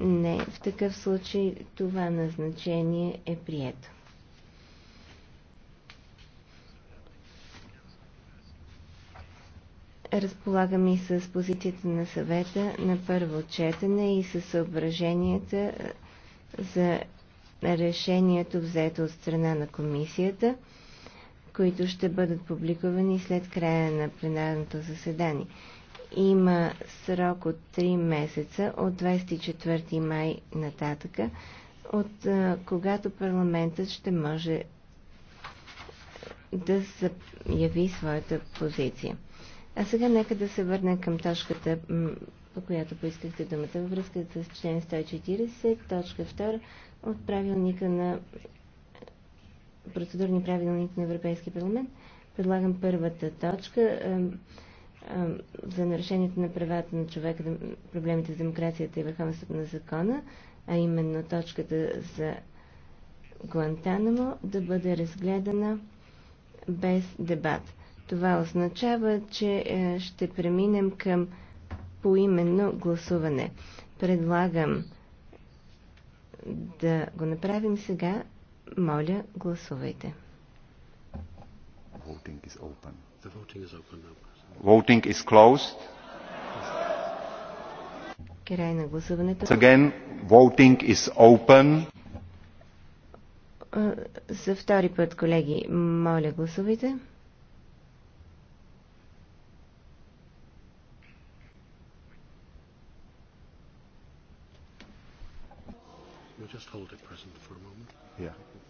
Не. В такъв случай това назначение е прието. Разполагам и с позицията на съвета на първо четене и с съображенията е, за решението взето от страна на комисията, които ще бъдат публикувани след края на пленарното заседание има срок от 3 месеца от 24 май нататъка, от когато парламентът ще може да заяви своята позиция. А сега нека да се върнем към точката, по която поискахте думата във връзка с член 140, точка 2 от правилника на процедурни правилник на Европейския парламент. Предлагам първата точка за нарушението на правата на човека, проблемите с демокрацията и върховенството на закона, а именно точката за Гуантанамо, да бъде разгледана без дебат. Това означава, че е, ще преминем към поименно гласуване. Предлагам да го направим сега. Моля, гласувайте. Voting is open. The voting is open now. Voting is closed. Край на гласуването. Again, voting is open. За втори път, колеги, моля гласувайте. We'll just hold it present for a moment. Yeah.